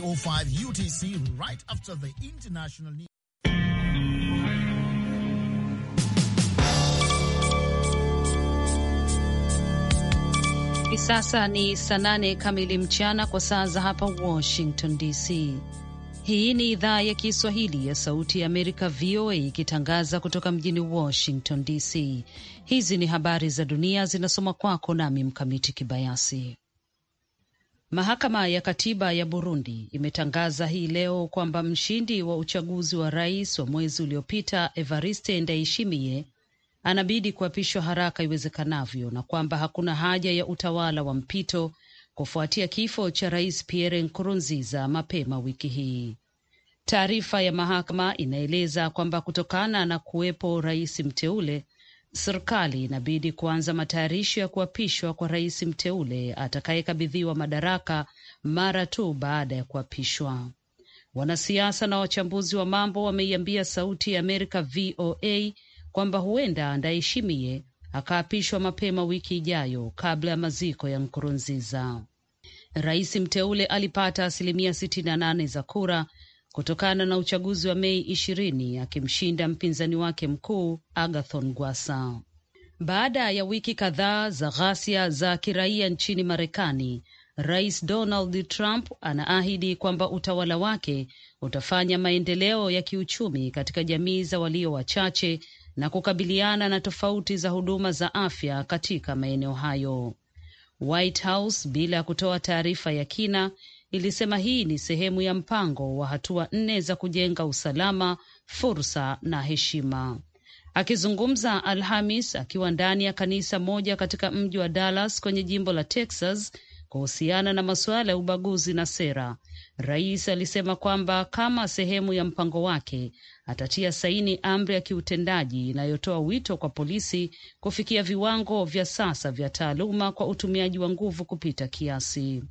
05 UTC right after the international news. Hivi sasa ni saa nane kamili mchana kwa saa za hapa Washington DC. Hii ni idhaa ya Kiswahili ya Sauti ya Amerika, VOA, ikitangaza kutoka mjini Washington DC. Hizi ni habari za dunia zinasoma kwako nami Mkamiti Kibayasi. Mahakama ya Katiba ya Burundi imetangaza hii leo kwamba mshindi wa uchaguzi wa rais wa mwezi uliopita Evariste Ndayishimiye anabidi kuapishwa haraka iwezekanavyo na kwamba hakuna haja ya utawala wa mpito kufuatia kifo cha Rais Pierre Nkurunziza mapema wiki hii. Taarifa ya mahakama inaeleza kwamba kutokana na kuwepo rais mteule serikali inabidi kuanza matayarisho ya kuapishwa kwa rais mteule atakayekabidhiwa madaraka mara tu baada ya kuapishwa. Wanasiasa na wachambuzi wa mambo wameiambia Sauti ya Amerika VOA kwamba huenda Ndayishimiye akaapishwa mapema wiki ijayo kabla ya maziko ya Nkurunziza. Rais mteule alipata asilimia sitini na nane za kura kutokana na uchaguzi wa Mei ishirini akimshinda mpinzani wake mkuu Agathon Gwasa. Baada ya wiki kadhaa za ghasia za kiraia nchini Marekani, Rais Donald Trump anaahidi kwamba utawala wake utafanya maendeleo ya kiuchumi katika jamii za walio wachache na kukabiliana na tofauti za huduma za afya katika maeneo hayo. White House, bila ya kutoa taarifa ya kina, ilisema hii ni sehemu ya mpango wa hatua nne za kujenga usalama, fursa na heshima. Akizungumza Alhamis akiwa ndani ya kanisa moja katika mji wa Dallas kwenye jimbo la Texas kuhusiana na masuala ya ubaguzi na sera, rais alisema kwamba kama sehemu ya mpango wake atatia saini amri ya kiutendaji inayotoa wito kwa polisi kufikia viwango vya sasa vya taaluma kwa utumiaji wa nguvu kupita kiasi.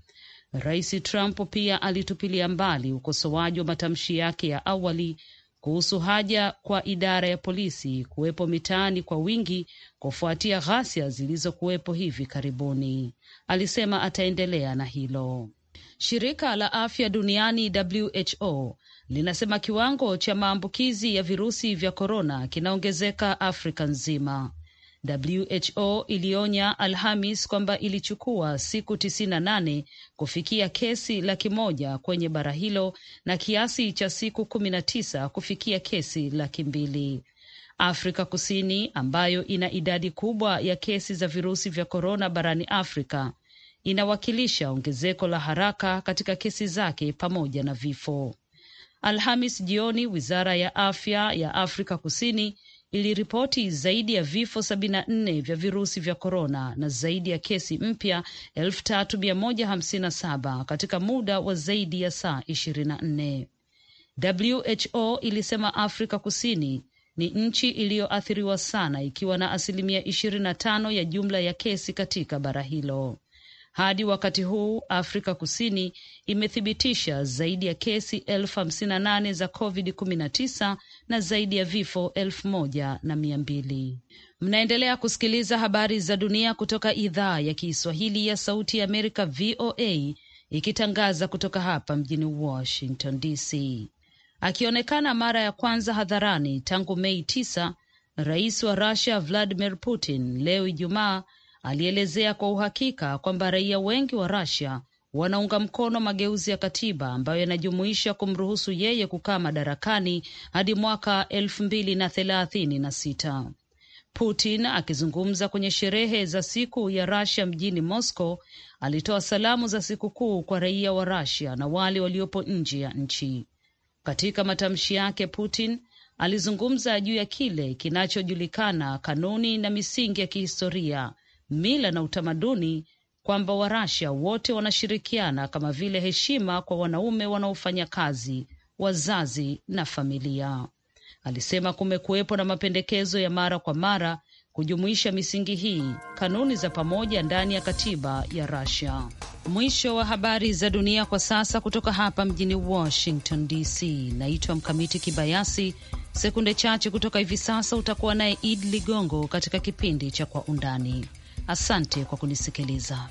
Rais Trump pia alitupilia mbali ukosoaji wa matamshi yake ya awali kuhusu haja kwa idara ya polisi kuwepo mitaani kwa wingi kufuatia ghasia zilizokuwepo hivi karibuni. Alisema ataendelea na hilo. Shirika la Afya Duniani WHO linasema kiwango cha maambukizi ya virusi vya korona kinaongezeka Afrika nzima. WHO ilionya Alhamis kwamba ilichukua siku 98 nane kufikia kesi laki moja kwenye bara hilo na kiasi cha siku kumi na tisa kufikia kesi laki mbili. Afrika Kusini ambayo ina idadi kubwa ya kesi za virusi vya korona barani Afrika inawakilisha ongezeko la haraka katika kesi zake pamoja na vifo. Alhamis jioni, wizara ya afya ya Afrika Kusini iliripoti zaidi ya vifo 74 na nne vya virusi vya korona na zaidi ya kesi mpya elfu mia moja katika muda wa zaidi ya saa 24. na nne. WHO ilisema Afrika Kusini ni nchi iliyoathiriwa sana ikiwa na asilimia 25 na ya jumla ya kesi katika bara hilo. Hadi wakati huu Afrika Kusini imethibitisha zaidi ya kesi elfu hamsini na nane za COVID-19 na zaidi ya vifo elfu moja na mia mbili. Mnaendelea kusikiliza habari za dunia kutoka idhaa ya Kiswahili ya Sauti ya Amerika, VOA, ikitangaza kutoka hapa mjini Washington DC. Akionekana mara ya kwanza hadharani tangu Mei 9, rais wa Rusia Vladimir Putin leo Ijumaa alielezea kwa uhakika kwamba raia wengi wa Russia wanaunga mkono mageuzi ya katiba ambayo yanajumuisha kumruhusu yeye kukaa madarakani hadi mwaka elfu mbili na thelathini na sita. Putin akizungumza kwenye sherehe za siku ya Russia mjini Moscow alitoa salamu za sikukuu kwa raia wa Russia na wale waliopo nje ya nchi. Katika matamshi yake, Putin alizungumza juu ya kile kinachojulikana kanuni na misingi ya kihistoria mila na utamaduni kwamba Warasha wote wanashirikiana kama vile heshima kwa wanaume wanaofanya kazi, wazazi na familia. Alisema kumekuwepo na mapendekezo ya mara kwa mara kujumuisha misingi hii kanuni za pamoja ndani ya katiba ya rasia Mwisho wa habari za dunia kwa sasa kutoka hapa mjini Washington DC. Naitwa Mkamiti Kibayasi. Sekunde chache kutoka hivi sasa utakuwa naye Id Ligongo katika kipindi cha Kwa Undani. Asante kwa kunisikiliza.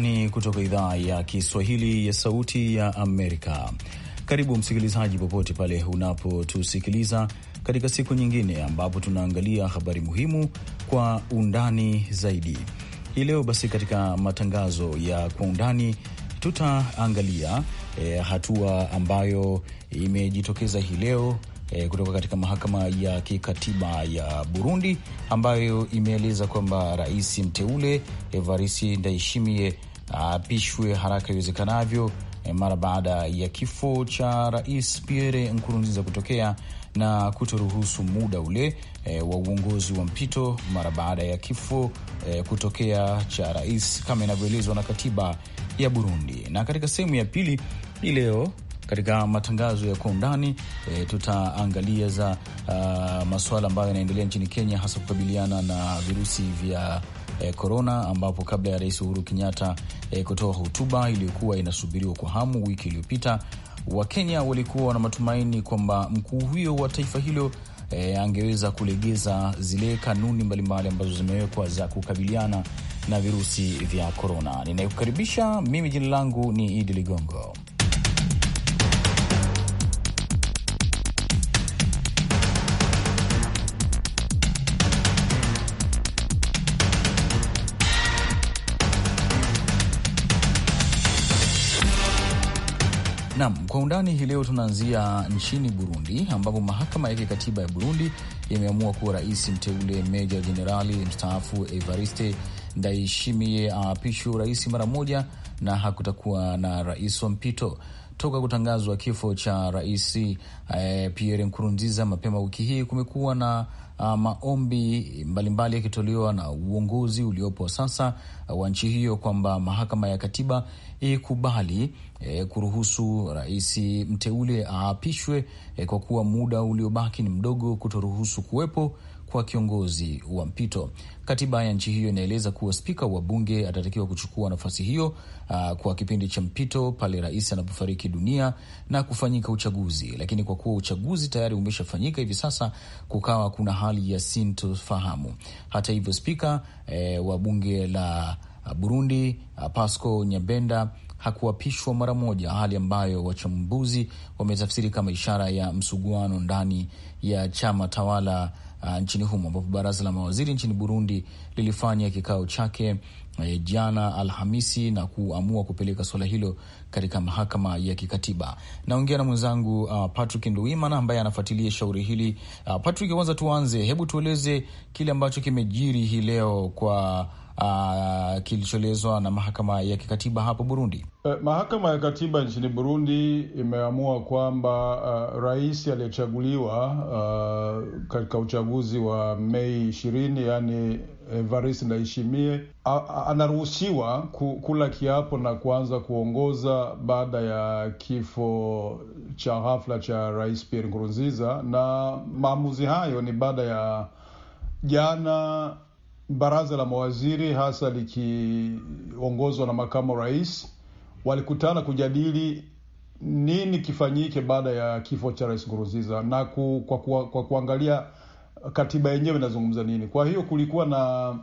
Undani kutoka idhaa ya Kiswahili ya Sauti ya Amerika. Karibu msikilizaji, popote pale unapotusikiliza katika siku nyingine ambapo tunaangalia habari muhimu kwa undani zaidi. Hii leo basi, katika matangazo ya kwa undani tutaangalia e, hatua ambayo imejitokeza hii leo e, kutoka katika mahakama ya kikatiba ya Burundi ambayo imeeleza kwamba rais mteule Evariste Ndayishimiye aapishwe haraka iwezekanavyo eh, mara baada ya kifo cha Rais Pierre Nkurunziza kutokea na kutoruhusu muda ule e, wa uongozi wa mpito mara baada ya kifo e, kutokea cha rais kama inavyoelezwa na katiba ya Burundi. Na katika sehemu ya pili hii leo katika matangazo ya kwa undani e, tutaangalia za ah, masuala ambayo yanaendelea nchini Kenya, hasa kukabiliana na virusi vya korona, eh, ambapo kabla ya Rais Uhuru Kenyatta e, kutoa hotuba iliyokuwa inasubiriwa kwa hamu wiki iliyopita, Wakenya walikuwa na matumaini kwamba mkuu huyo wa taifa hilo e, angeweza kulegeza zile kanuni mbalimbali ambazo zimewekwa za kukabiliana na virusi vya korona. Ninayekukaribisha mimi, jina langu ni Idi Ligongo. Nam kwa undani hii leo tunaanzia nchini Burundi, ambapo mahakama ya kikatiba ya Burundi imeamua kuwa rais mteule meja jenerali mstaafu Evariste Ndayishimiye aapishwe urais mara moja na hakutakuwa na rais wa mpito toka kutangazwa kifo cha rais eh, Pierre Nkurunziza mapema wiki hii. Kumekuwa na uh, maombi mbalimbali yakitolewa na uongozi uliopo sasa uh, wa nchi hiyo kwamba mahakama ya katiba ikubali eh, kuruhusu rais mteule aapishwe eh, kwa kuwa muda uliobaki ni mdogo kutoruhusu kuwepo kwa kiongozi wa mpito. Katiba ya nchi hiyo inaeleza kuwa spika wa bunge atatakiwa kuchukua nafasi hiyo uh, kwa kipindi cha mpito pale rais anapofariki dunia na kufanyika uchaguzi. Lakini kwa kuwa uchaguzi tayari umeshafanyika hivi sasa, kukawa kuna hali ya sintofahamu. Hata hivyo, spika eh, wa bunge la ah, Burundi ah, Pasco Nyabenda hakuapishwa mara moja, hali ambayo wachambuzi wametafsiri kama ishara ya msuguano ndani ya chama tawala uh, nchini humo ambapo baraza la mawaziri nchini Burundi lilifanya kikao chake uh, jana Alhamisi na kuamua kupeleka suala hilo katika mahakama ya kikatiba. Naongea na mwenzangu uh, Patrick Nduwimana ambaye anafuatilia shauri hili. Uh, Patrick, kwanza tuanze, hebu tueleze kile ambacho kimejiri hii leo kwa uh, kilichoelezwa na mahakama ya kikatiba hapo Burundi? Eh, mahakama ya katiba nchini Burundi imeamua kwamba uh, rais aliyechaguliwa uh, katika uchaguzi wa Mei ishirini yani Evariste Ndayishimiye anaruhusiwa kula kiapo na kuanza kuongoza baada ya kifo cha ghafla cha rais Pierre Nkurunziza, na maamuzi hayo ni baada ya jana baraza la mawaziri hasa likiongozwa na makamu rais walikutana kujadili nini kifanyike baada ya kifo cha rais Nkurunziza na ku, kwa, kwa, kwa kuangalia katiba yenyewe inazungumza nini. Kwa hiyo kulikuwa na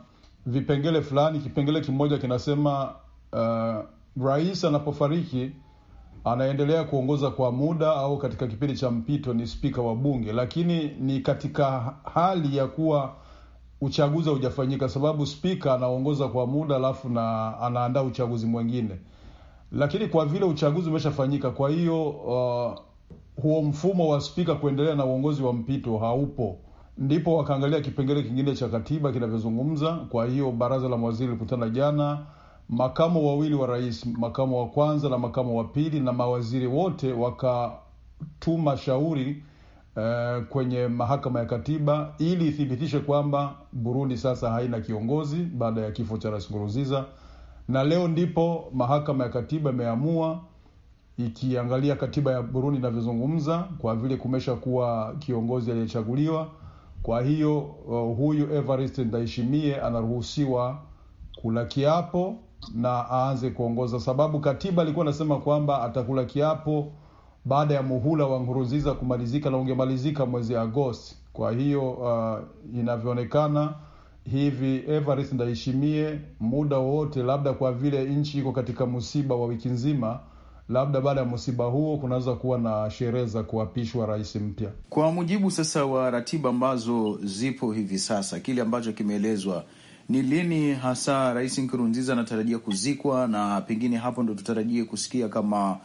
vipengele fulani. Kipengele kimoja kinasema uh, rais anapofariki anaendelea kuongoza kwa muda au katika kipindi cha mpito ni spika wa bunge, lakini ni katika hali ya kuwa uchaguzi haujafanyika, sababu spika anaongoza kwa muda alafu na anaandaa uchaguzi mwingine, lakini kwa vile uchaguzi umeshafanyika, kwa hiyo uh, huo mfumo wa spika kuendelea na uongozi wa mpito haupo, ndipo wakaangalia kipengele kingine cha katiba kinavyozungumza. Kwa hiyo baraza la mawaziri lilikutana jana, makamo wawili wa rais, makamo wa kwanza na makamo wa pili, na mawaziri wote wakatuma shauri uh, kwenye mahakama ya katiba ili ithibitishe kwamba Burundi sasa haina kiongozi baada ya kifo cha Rais Nkurunziza, na leo ndipo mahakama ya katiba imeamua ikiangalia katiba ya Burundi inavyozungumza, kwa vile kumesha kuwa kiongozi aliyechaguliwa. Kwa hiyo uh, huyu Evariste Ndayishimiye anaruhusiwa kula kiapo na aanze kuongoza, sababu katiba alikuwa anasema kwamba atakula kiapo baada ya muhula wa Nkurunziza kumalizika na ungemalizika mwezi Agosti. Kwa hiyo uh, inavyoonekana hivi Evarist Ndayishimiye muda wowote, labda kwa vile nchi iko katika msiba wa wiki nzima, labda baada ya msiba huo kunaweza kuwa na sherehe za kuapishwa rais mpya. Kwa mujibu sasa wa ratiba ambazo zipo hivi sasa, kile ambacho kimeelezwa ni lini hasa rais Nkurunziza anatarajia kuzikwa, na pengine hapo ndo tutarajie kusikia kama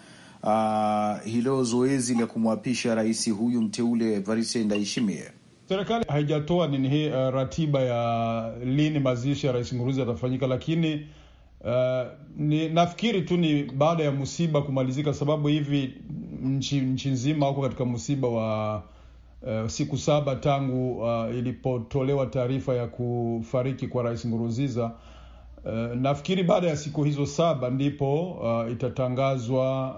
uh, hilo zoezi la kumwapisha rais huyu mteule Evariste Ndayishimiye. Serikali haijatoa nini hii uh, eh, ratiba ya lini mazishi ya rais Nguruzi yatafanyika, lakini uh, ni, nafikiri tu ni baada ya msiba kumalizika, sababu hivi nchi nchi nzima wako katika msiba wa uh, siku saba tangu uh, ilipotolewa taarifa ya kufariki kwa rais Nguruziza. Uh, nafikiri baada ya siku hizo saba ndipo uh, itatangazwa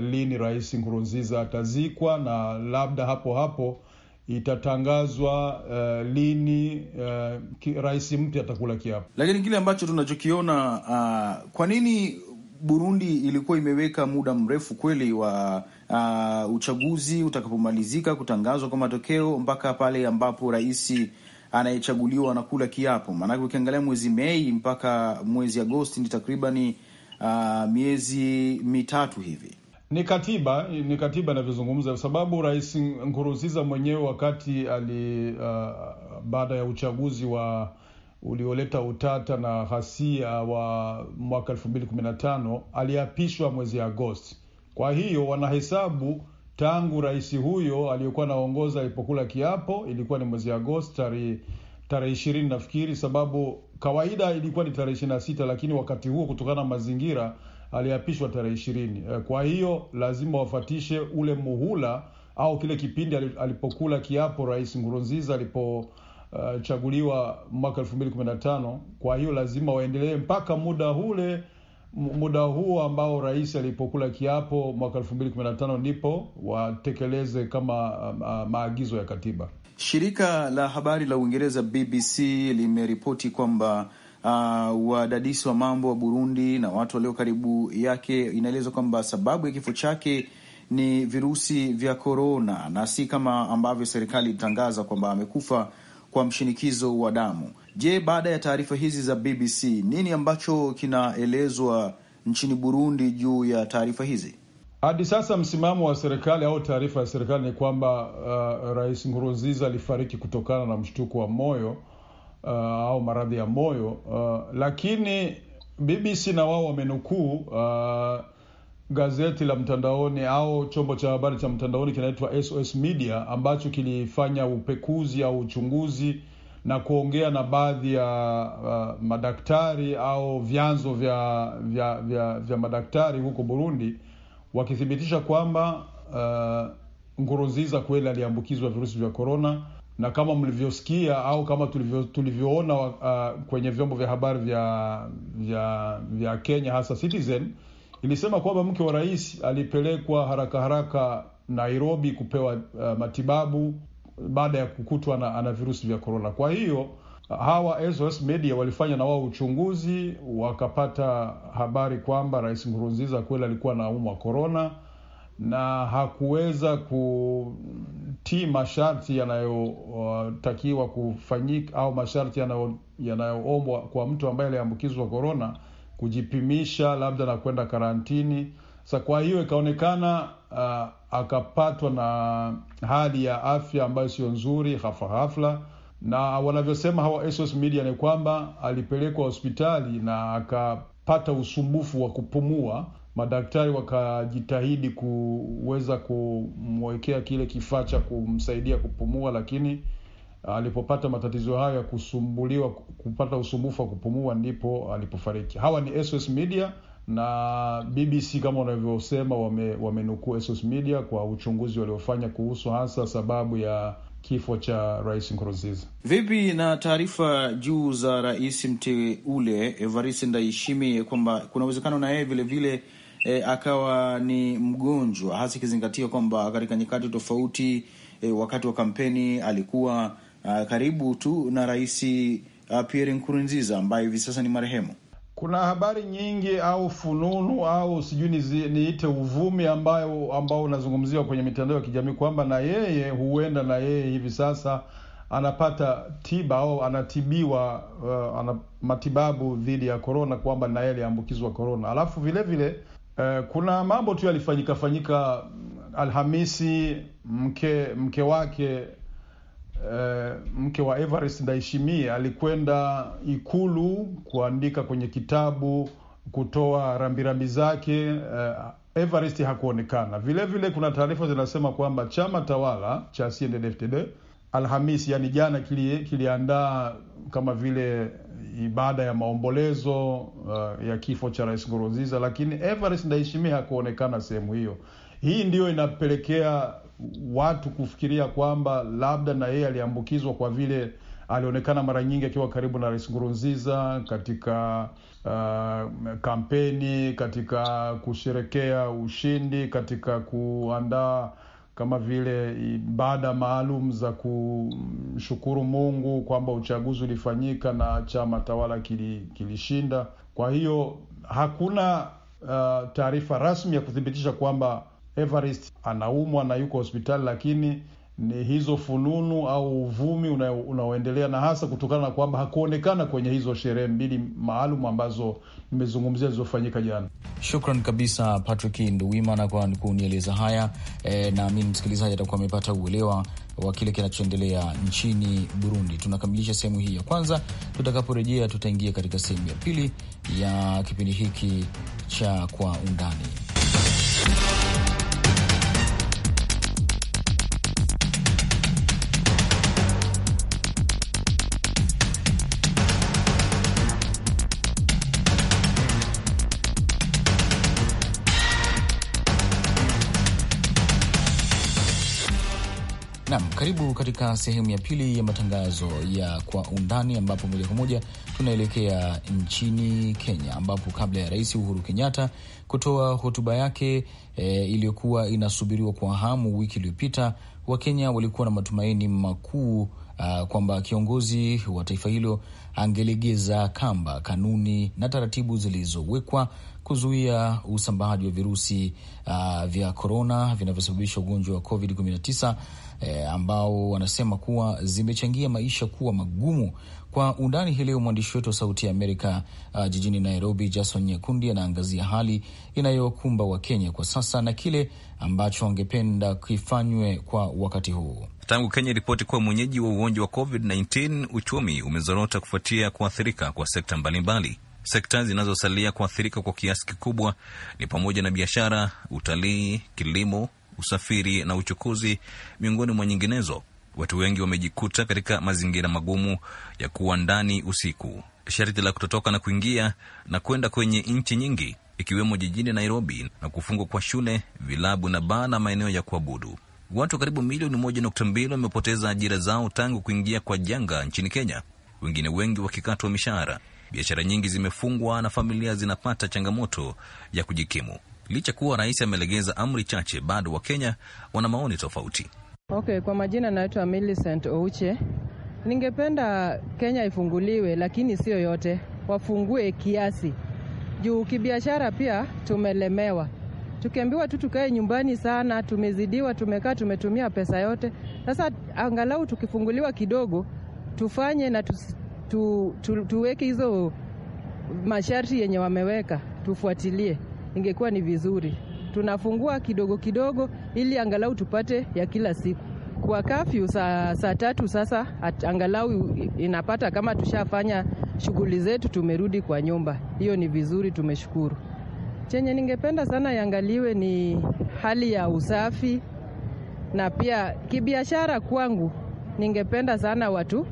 uh, lini Rais Nkurunziza atazikwa na labda hapo hapo itatangazwa uh, lini uh, ki, rais mpya atakula kiapo. Lakini kile ambacho tunachokiona uh, kwa nini Burundi ilikuwa imeweka muda mrefu kweli wa uh, uchaguzi utakapomalizika kutangazwa kwa matokeo mpaka pale ambapo rais anayechaguliwa anakula kiapo. Maanake ukiangalia mwezi Mei mpaka mwezi Agosti ni takribani uh, miezi mitatu hivi. Ni katiba ni katiba inavyozungumza, kwa sababu Rais Nkurunziza mwenyewe wakati ali uh, baada ya uchaguzi wa ulioleta utata na ghasia wa mwaka 215 aliapishwa mwezi Agosti. Kwa hiyo wanahesabu tangu rais huyo aliyokuwa anaongoza alipokula kiapo, ilikuwa ni mwezi Agosti tarehe tarehe ishirini nafikiri, sababu kawaida ilikuwa ni tarehe ishirini na sita lakini wakati huo kutokana na mazingira aliapishwa tarehe ishirini. Eh, kwa hiyo lazima wafatishe ule muhula au kile kipindi alipokula kiapo rais Nkurunziza alipochaguliwa eh, uh, mwaka elfu mbili kumi na tano. Kwa hiyo lazima waendelee mpaka muda ule muda huo ambao rais alipokula kiapo mwaka 2015 ndipo watekeleze kama um, uh, maagizo ya katiba. Shirika la habari la Uingereza BBC limeripoti kwamba uh, wadadisi wa mambo wa Burundi na watu walio karibu yake, inaelezwa kwamba sababu ya kifo chake ni virusi vya korona na si kama ambavyo serikali ilitangaza kwamba amekufa kwa mshinikizo wa damu. Je, baada ya taarifa hizi za BBC nini ambacho kinaelezwa nchini Burundi juu ya taarifa hizi? Hadi sasa msimamo wa serikali au taarifa ya serikali ni kwamba uh, Rais Nkurunziza alifariki kutokana na mshtuko wa moyo uh, au maradhi ya moyo uh, lakini BBC na wao wamenukuu uh, gazeti la mtandaoni au chombo cha habari cha mtandaoni kinaitwa SOS Media ambacho kilifanya upekuzi au uchunguzi na kuongea na baadhi ya uh, madaktari au vyanzo vya, vya, vya, vya madaktari huko Burundi wakithibitisha kwamba uh, Nkurunziza kweli aliambukizwa virusi vya korona, na kama mlivyosikia au kama tulivyo, tulivyoona uh, kwenye vyombo vya habari vya, vya, vya Kenya hasa Citizen ilisema kwamba mke wa rais alipelekwa haraka haraka Nairobi kupewa uh, matibabu baada ya kukutwa na ana virusi vya korona. Kwa hiyo hawa SOS Media walifanya na wao uchunguzi, wakapata habari kwamba rais Nkurunziza kweli alikuwa na umwa korona na hakuweza kutii masharti yanayotakiwa kufanyika au masharti yanayoombwa kwa mtu ambaye aliambukizwa korona kujipimisha labda na kwenda karantini. Sa kwa hiyo ikaonekana uh, akapatwa na hali ya afya ambayo sio nzuri ghafla ghafla, na wanavyosema hawa SOS Media ni kwamba alipelekwa hospitali na akapata usumbufu wa kupumua. Madaktari wakajitahidi kuweza kumwekea kile kifaa cha kumsaidia kupumua, lakini Alipopata matatizo hayo ya kusumbuliwa, kupata usumbufu wa kupumua, ndipo alipofariki. Hawa ni SOS Media na BBC kama wanavyosema wamenukuu wame SOS Media kwa uchunguzi waliofanya kuhusu hasa sababu ya kifo cha Rais Nkurunziza. Vipi na taarifa juu za rais mteule Evariste Ndayishimiye kwamba kuna uwezekano na yeye vilevile e, eh, akawa ni mgonjwa, hasa ikizingatia kwamba katika nyakati tofauti e, wakati wa kampeni alikuwa uh, karibu tu na rais uh, Pierre Nkurunziza ambaye hivi sasa ni marehemu. Kuna habari nyingi au fununu au sijui niite uvumi ambayo ambao unazungumziwa kwenye mitandao ya kijamii kwamba na yeye huenda na yeye hivi sasa anapata tiba au anatibiwa, uh, ana matibabu dhidi ya korona, kwamba na yeye aliambukizwa korona. Alafu vile vile uh, kuna mambo tu yalifanyika fanyika Alhamisi, mke mke wake Eh, mke wa Evarist Ndaishimi alikwenda Ikulu kuandika kwenye kitabu, kutoa rambirambi zake. Uh, eh, Evarist hakuonekana. Vilevile vile kuna taarifa zinasema kwamba chama tawala cha CNDD-FDD Alhamisi, yani jana, kiliandaa kili kama vile ibada ya maombolezo uh, ya kifo cha Rais Nkurunziza, lakini Evarist Ndaishimi hakuonekana sehemu hiyo. Hii ndiyo inapelekea watu kufikiria kwamba labda na yeye aliambukizwa kwa vile alionekana mara nyingi akiwa karibu na Rais Nkurunziza katika uh, kampeni, katika kusherekea ushindi, katika kuandaa kama vile ibada maalum za kumshukuru Mungu kwamba uchaguzi ulifanyika na chama tawala kilishinda. Kwa hiyo hakuna uh, taarifa rasmi ya kuthibitisha kwamba Evarist anaumwa na yuko hospitali, lakini ni hizo fununu au uvumi unaoendelea na hasa kutokana na kwamba hakuonekana kwenye hizo sherehe mbili maalum ambazo nimezungumzia zilizofanyika jana. Shukran kabisa Patrick Nduwimana kwa kunieleza haya e, naamini msikilizaji atakuwa amepata uelewa wa kile kinachoendelea nchini Burundi. Tunakamilisha sehemu hii ya kwanza, tutakaporejea tutaingia katika sehemu ya pili ya kipindi hiki cha Kwa Undani. Karibu katika sehemu ya pili ya matangazo ya kwa undani, ambapo moja kwa moja tunaelekea nchini Kenya, ambapo kabla ya Rais Uhuru Kenyatta kutoa hotuba yake e, iliyokuwa inasubiriwa kwa hamu wiki iliyopita, Wakenya walikuwa na matumaini makuu ah, kwamba kiongozi wa taifa hilo angelegeza kamba kanuni na taratibu zilizowekwa kuzuia usambaaji wa virusi uh, vya korona vinavyosababisha ugonjwa wa COVID-19 e, ambao wanasema kuwa zimechangia maisha kuwa magumu. Kwa undani hii leo mwandishi wetu wa Sauti ya Amerika uh, jijini Nairobi, Jason Nyekundi anaangazia hali inayowakumba Wakenya kwa sasa na kile ambacho wangependa kifanywe kwa wakati huu. Tangu Kenya ripoti kuwa mwenyeji wa ugonjwa wa COVID-19, uchumi umezorota kufuatia kuathirika kwa sekta mbalimbali. Sekta zinazosalia kuathirika kwa kiasi kikubwa ni pamoja na biashara, utalii, kilimo usafiri na uchukuzi, miongoni mwa nyinginezo. Watu wengi wamejikuta katika mazingira magumu ya kuwa ndani usiku. Sharti la kutotoka na kuingia na kwenda kwenye nchi nyingi ikiwemo jijini Nairobi na kufungwa kwa shule, vilabu na baa na maeneo ya kuabudu. Watu karibu milioni moja nukta mbili wamepoteza ajira zao tangu kuingia kwa janga nchini Kenya, wengine wengi wakikatwa mishahara. Biashara nyingi zimefungwa na familia zinapata changamoto ya kujikimu. Licha kuwa rais amelegeza amri chache, bado Wakenya wana maoni tofauti. Okay, kwa majina naitwa Millicent Ouche. Ningependa Kenya ifunguliwe, lakini sio yote, wafungue kiasi juu kibiashara pia tumelemewa. Tukiambiwa tu tukae nyumbani sana, tumezidiwa, tumekaa, tumetumia pesa yote. Sasa angalau tukifunguliwa kidogo, tufanye na tu, tu, tu, tuweke hizo masharti yenye wameweka, tufuatilie ingekuwa ni vizuri. Tunafungua kidogo kidogo, ili angalau tupate ya kila siku. Kwa kafyu saa, sa tatu sasa at, angalau inapata kama tushafanya shughuli zetu, tumerudi kwa nyumba. Hiyo ni vizuri, tumeshukuru. Chenye ningependa sana yangaliwe ni hali ya usafi na pia kibiashara. Kwangu ningependa sana watu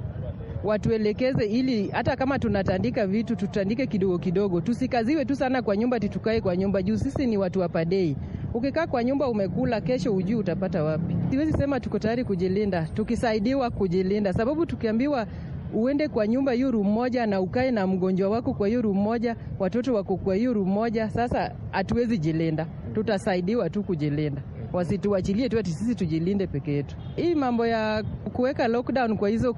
watuelekeze, ili hata kama tunatandika vitu tutandike kidogo kidogo, tusikaziwe tu sana kwa nyumba, titukae kwa nyumba juu sisi ni watu wapadei. Ukikaa kwa nyumba umekula, kesho ujui utapata wapi. Siwezi sema tuko tayari kujilinda, tukisaidiwa kujilinda, sababu tukiambiwa uende kwa nyumba hiyo room moja na ukae na mgonjwa wako kwa hiyo room moja, watoto wako kwa hiyo room moja. Sasa hatuwezi jilinda, tutasaidiwa tu kujilinda, wasituachilie tu ati sisi tujilinde peke yetu. Hii mambo ya kuweka lockdown kwa hizo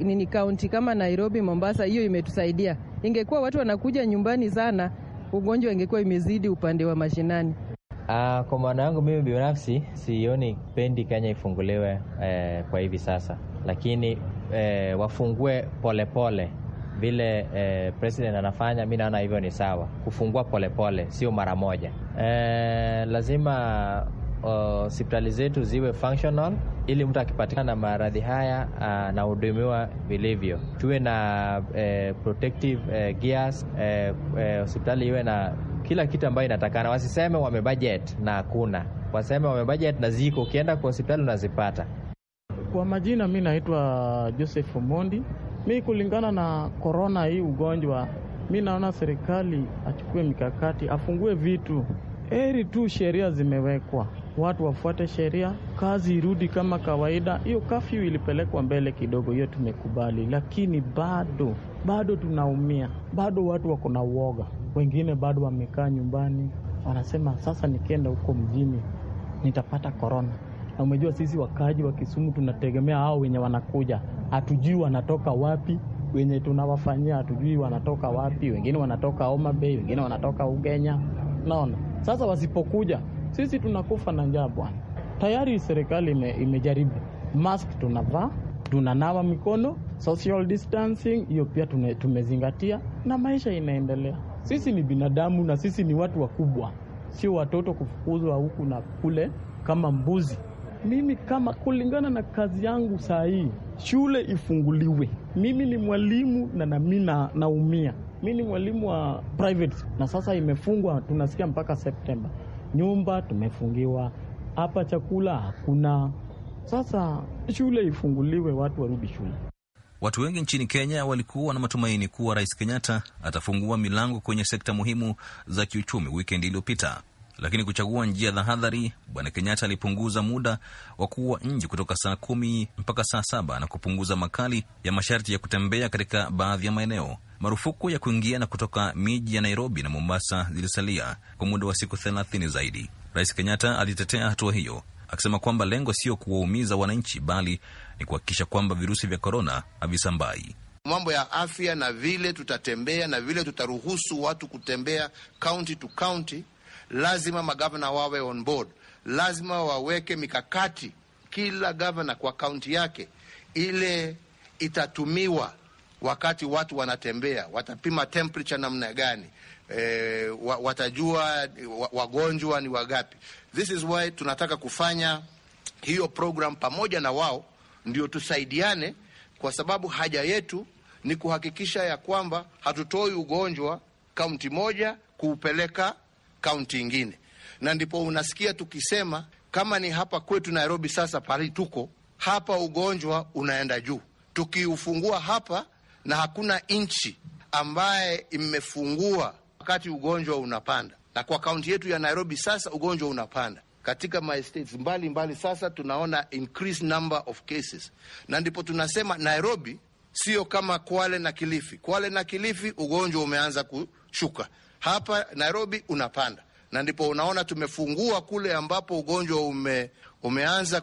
nini kaunti kama Nairobi, Mombasa, hiyo imetusaidia. Ingekuwa watu wanakuja nyumbani sana, ugonjwa ingekuwa imezidi upande wa mashinani. Uh, kwa maana yangu mimi binafsi sioni pendi Kenya ifunguliwe eh, kwa hivi sasa, lakini eh, wafungue polepole vile eh, president anafanya. Mi naona hivyo ni sawa, kufungua polepole, sio mara moja. Eh, lazima Uh, hospitali uh, zetu ziwe functional ili mtu akipatikana na maradhi haya uh, nahudumiwa vilivyo. Tuwe na uh, protective uh, gears eh, hospitali uh, uh, iwe na kila kitu ambayo inatakana. Wasiseme wamebudget na hakuna, waseme wamebudget na ziko. Ukienda kwa hospitali unazipata. Kwa majina, mi naitwa Joseph Mondi. Mi kulingana na korona hii ugonjwa, mi naona serikali achukue mikakati, afungue vitu heri tu sheria zimewekwa watu wafuate sheria, kazi irudi kama kawaida. Hiyo kafyu ilipelekwa mbele kidogo, hiyo tumekubali, lakini bado bado tunaumia, bado watu wako na uoga, wengine bado wamekaa nyumbani, wanasema sasa, nikienda huko mjini nitapata korona. Na umejua sisi wakaaji wa Kisumu tunategemea hao wenye wanakuja, hatujui wanatoka wapi wenye tunawafanyia hatujui wanatoka wapi. Wengine wanatoka Homa Bay, wengine wanatoka Ugenya. Naona sasa, wasipokuja sisi tunakufa na njaa bwana. Tayari serikali ime, imejaribu mask tunavaa, tunanawa mikono, social distancing hiyo pia tume, tumezingatia na maisha inaendelea. Sisi ni binadamu na sisi ni watu wakubwa, sio watoto kufukuzwa huku na kule kama mbuzi. Mimi kama kulingana na kazi yangu saa hii, shule ifunguliwe. Mimi ni mwalimu na nami naumia. Mi ni mwalimu wa private na sasa imefungwa, tunasikia mpaka Septemba nyumba tumefungiwa, hapa chakula hakuna. Sasa shule ifunguliwe, watu warudi shule. Watu wengi nchini Kenya walikuwa na matumaini kuwa Rais Kenyatta atafungua milango kwenye sekta muhimu za kiuchumi wikendi iliyopita lakini kuchagua njia hadhari, Bwana Kenyatta alipunguza muda wa kuwa nje kutoka saa kumi mpaka saa saba na kupunguza makali ya masharti ya kutembea katika baadhi ya maeneo. Marufuku ya kuingia na kutoka miji ya Nairobi na Mombasa zilisalia kwa muda wa siku thelathini zaidi. Rais Kenyatta alitetea hatua hiyo akisema kwamba lengo sio kuwaumiza wananchi, bali ni kuhakikisha kwamba virusi vya korona havisambai. Mambo ya afya na vile tutatembea na vile tutaruhusu watu kutembea kaunti to kaunti, lazima magavana wawe on board, lazima waweke mikakati, kila gavana kwa kaunti yake, ile itatumiwa wakati watu wanatembea, watapima temperature namna gani? E, watajua wagonjwa ni wagapi? This is why tunataka kufanya hiyo program pamoja na wao, ndio tusaidiane, kwa sababu haja yetu ni kuhakikisha ya kwamba hatutoi ugonjwa kaunti moja kuupeleka kaunti ingine, na ndipo unasikia tukisema kama ni hapa kwetu Nairobi, sasa pali tuko hapa, ugonjwa unaenda juu. Tukiufungua hapa, na hakuna nchi ambaye imefungua wakati ugonjwa unapanda, na kwa kaunti yetu ya Nairobi sasa ugonjwa unapanda katika ma mbali mbali, sasa tunaona number of cases, na ndipo tunasema Nairobi sio kama Kwale na Kilifi. Kwale na Kilifi ugonjwa umeanza kushuka, hapa Nairobi unapanda, na ndipo unaona tumefungua kule ambapo ugonjwa ume, umeanza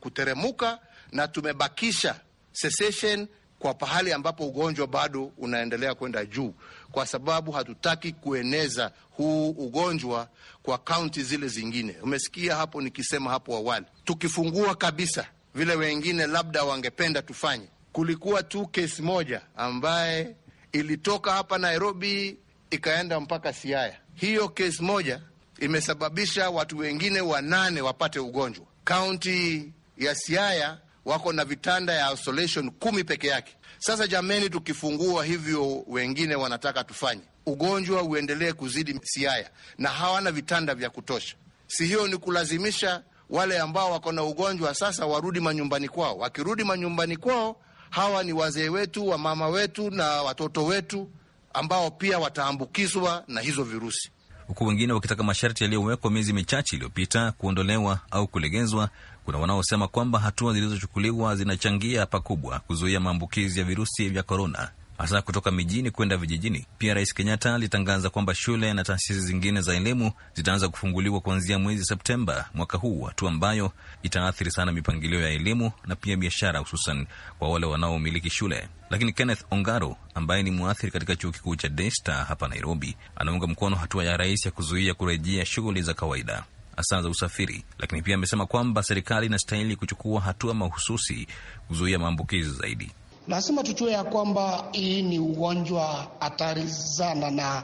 kuteremuka na tumebakisha cessation kwa pahali ambapo ugonjwa bado unaendelea kwenda juu, kwa sababu hatutaki kueneza huu ugonjwa kwa kaunti zile zingine. Umesikia hapo nikisema hapo awali, tukifungua kabisa vile wengine labda wangependa tufanye. Kulikuwa tu kesi moja ambaye ilitoka hapa Nairobi ikaenda mpaka Siaya. Hiyo kesi moja imesababisha watu wengine wanane wapate ugonjwa. Kaunti ya Siaya wako na vitanda ya isolation kumi peke yake. Sasa jameni, tukifungua hivyo, wengine wanataka tufanye ugonjwa uendelee kuzidi Siaya na hawana vitanda vya kutosha. Si hiyo ni kulazimisha wale ambao wako na ugonjwa sasa warudi manyumbani kwao. Wakirudi manyumbani kwao, hawa ni wazee wetu, wamama wetu na watoto wetu ambao pia wataambukizwa na hizo virusi, huku wengine wakitaka masharti yaliyowekwa miezi michache iliyopita kuondolewa au kulegezwa. Kuna wanaosema kwamba hatua zilizochukuliwa zinachangia pakubwa kuzuia maambukizi ya virusi vya korona hasa kutoka mijini kwenda vijijini. Pia Rais Kenyatta alitangaza kwamba shule na taasisi zingine za elimu zitaanza kufunguliwa kuanzia mwezi Septemba mwaka huu, hatua ambayo itaathiri sana mipangilio ya elimu na pia biashara, hususan kwa wale wanaomiliki shule. Lakini Kenneth Ongaro ambaye ni mwathiri katika chuo kikuu cha desta hapa Nairobi anaunga mkono hatua ya rais ya kuzuia kurejea shughuli za kawaida hasa za usafiri, lakini pia amesema kwamba serikali inastahili kuchukua hatua mahususi kuzuia maambukizi zaidi. Lazima tujue ya kwamba hii ni ugonjwa hatari sana na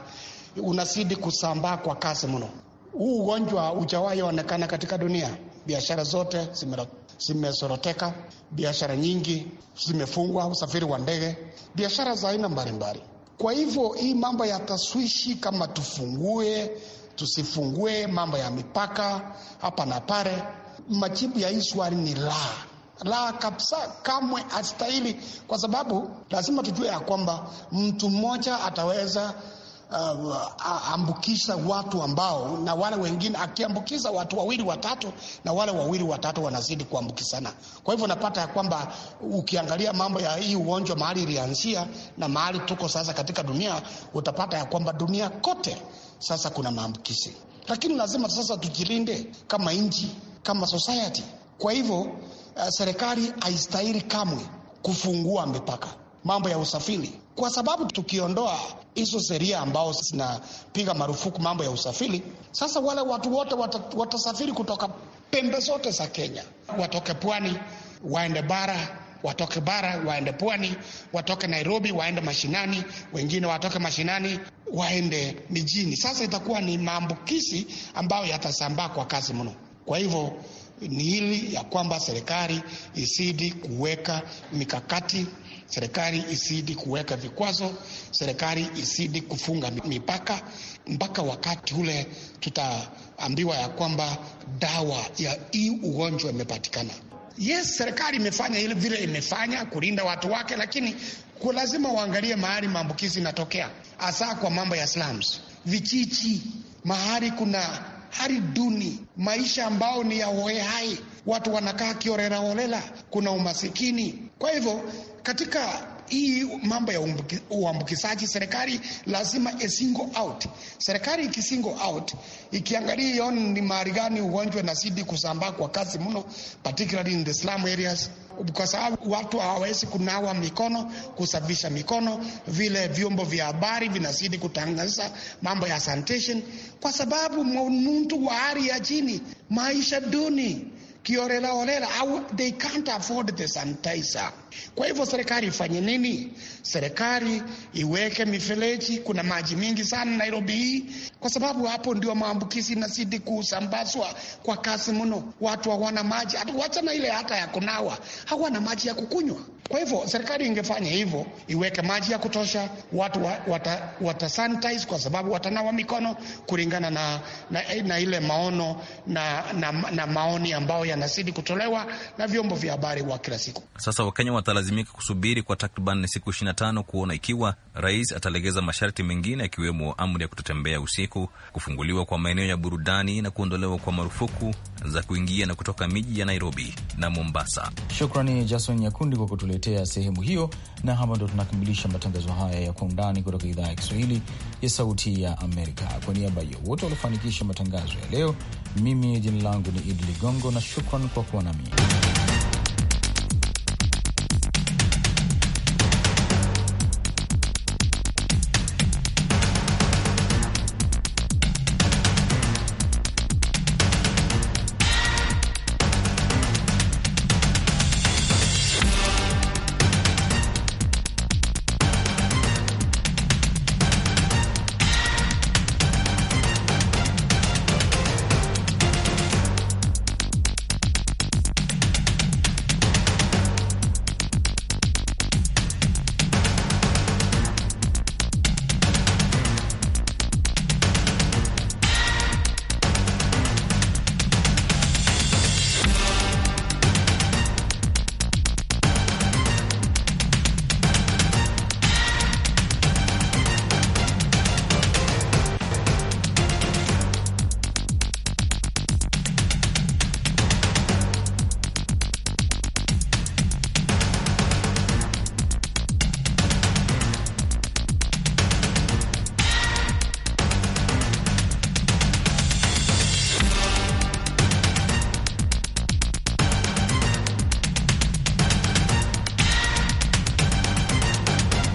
unazidi kusambaa kwa kasi mno. Huu ugonjwa hujawahi onekana katika dunia. Biashara zote zimesoroteka, biashara nyingi zimefungwa, usafiri wa ndege, biashara za aina mbalimbali. Kwa hivyo hii mambo ya taswishi kama tufungue tusifungue, mambo ya mipaka hapa na pale, majibu ya hii swali ni la la kabisa, kamwe hastahili, kwa sababu lazima tujue ya kwamba mtu mmoja ataweza uh, ambukisha watu ambao na wale wengine, akiambukiza watu wawili watatu, na wale wawili watatu wanazidi kuambukizana. Kwa hivyo napata ya kwamba ukiangalia mambo ya hii ugonjwa mahali ilianzia na mahali tuko sasa katika dunia, utapata ya kwamba dunia kote sasa kuna maambukizi, lakini lazima sasa tujilinde kama nchi, kama society. Kwa hivyo uh, serikali haistahili kamwe kufungua mipaka mambo ya usafiri, kwa sababu tukiondoa hizo sheria ambao zinapiga marufuku mambo ya usafiri, sasa wale watu wote watasafiri kutoka pembe zote za Kenya, watoke pwani waende bara watoke bara waende pwani, watoke Nairobi waende mashinani, wengine watoke mashinani waende mijini. Sasa itakuwa ni maambukizi ambayo yatasambaa kwa kasi mno. Kwa hivyo ni hili ya kwamba serikali isidi kuweka mikakati, serikali isidi kuweka vikwazo, serikali isidi kufunga mipaka mpaka wakati ule tutaambiwa ya kwamba dawa ya hii ugonjwa imepatikana. Yes, serikali imefanya ili vile imefanya kulinda watu wake, lakini lazima waangalie mahali maambukizi inatokea, hasa kwa mambo ya slums, vichichi, mahali kuna hali duni, maisha ambao ni ya hohehai, watu wanakaa kioreraholela, kuna umasikini. Kwa hivyo katika hii mambo ya uambukizaji serikali lazima a out. Serikali ikisingle out, ikiangalia ione ni mahali gani ugonjwa unazidi kusambaa kwa kasi mno, particularly in the slum areas kwa sababu watu hawawezi kunawa mikono, kusafisha mikono, vile vyombo vya habari vinazidi kutangaza mambo ya sanitation, kwa sababu mtu wa hali ya chini, maisha duni, kiorelaorela, au they can't afford the sanitizer. Kwa hivyo serikali ifanye nini? Serikali iweke mifereji. Kuna maji mingi sana Nairobi hii, kwa sababu hapo ndio maambukizi inazidi kusambazwa kwa kasi mno. Watu hawana maji, wacha na ile hata ya kunawa, hawana maji ya kukunywa. Kwa hivyo serikali ingefanya hivyo, iweke maji ya kutosha, watu wa, wata, wata sanitize, kwa sababu watanawa mikono kulingana na, na, na ile maono na, na, na maoni ambayo yanazidi kutolewa na vyombo vya habari wa kila siku. Sasa Wakenya watalazimika kusubiri kwa takriban siku 25 kuona ikiwa rais atalegeza masharti mengine akiwemo amri ya kutotembea usiku, kufunguliwa kwa maeneo ya burudani na kuondolewa kwa marufuku za kuingia na kutoka miji ya Nairobi na Mombasa. Shukrani Jason Nyakundi kwa kutuletea sehemu hiyo, na hapa ndo tunakamilisha matangazo haya ya Kwa Undani kutoka idhaa ya Kiswahili ya Sauti ya Amerika. Kwa niaba ya wote waliofanikisha matangazo ya leo, mimi jina langu ni Idi Ligongo na shukran kwa kuwa nami.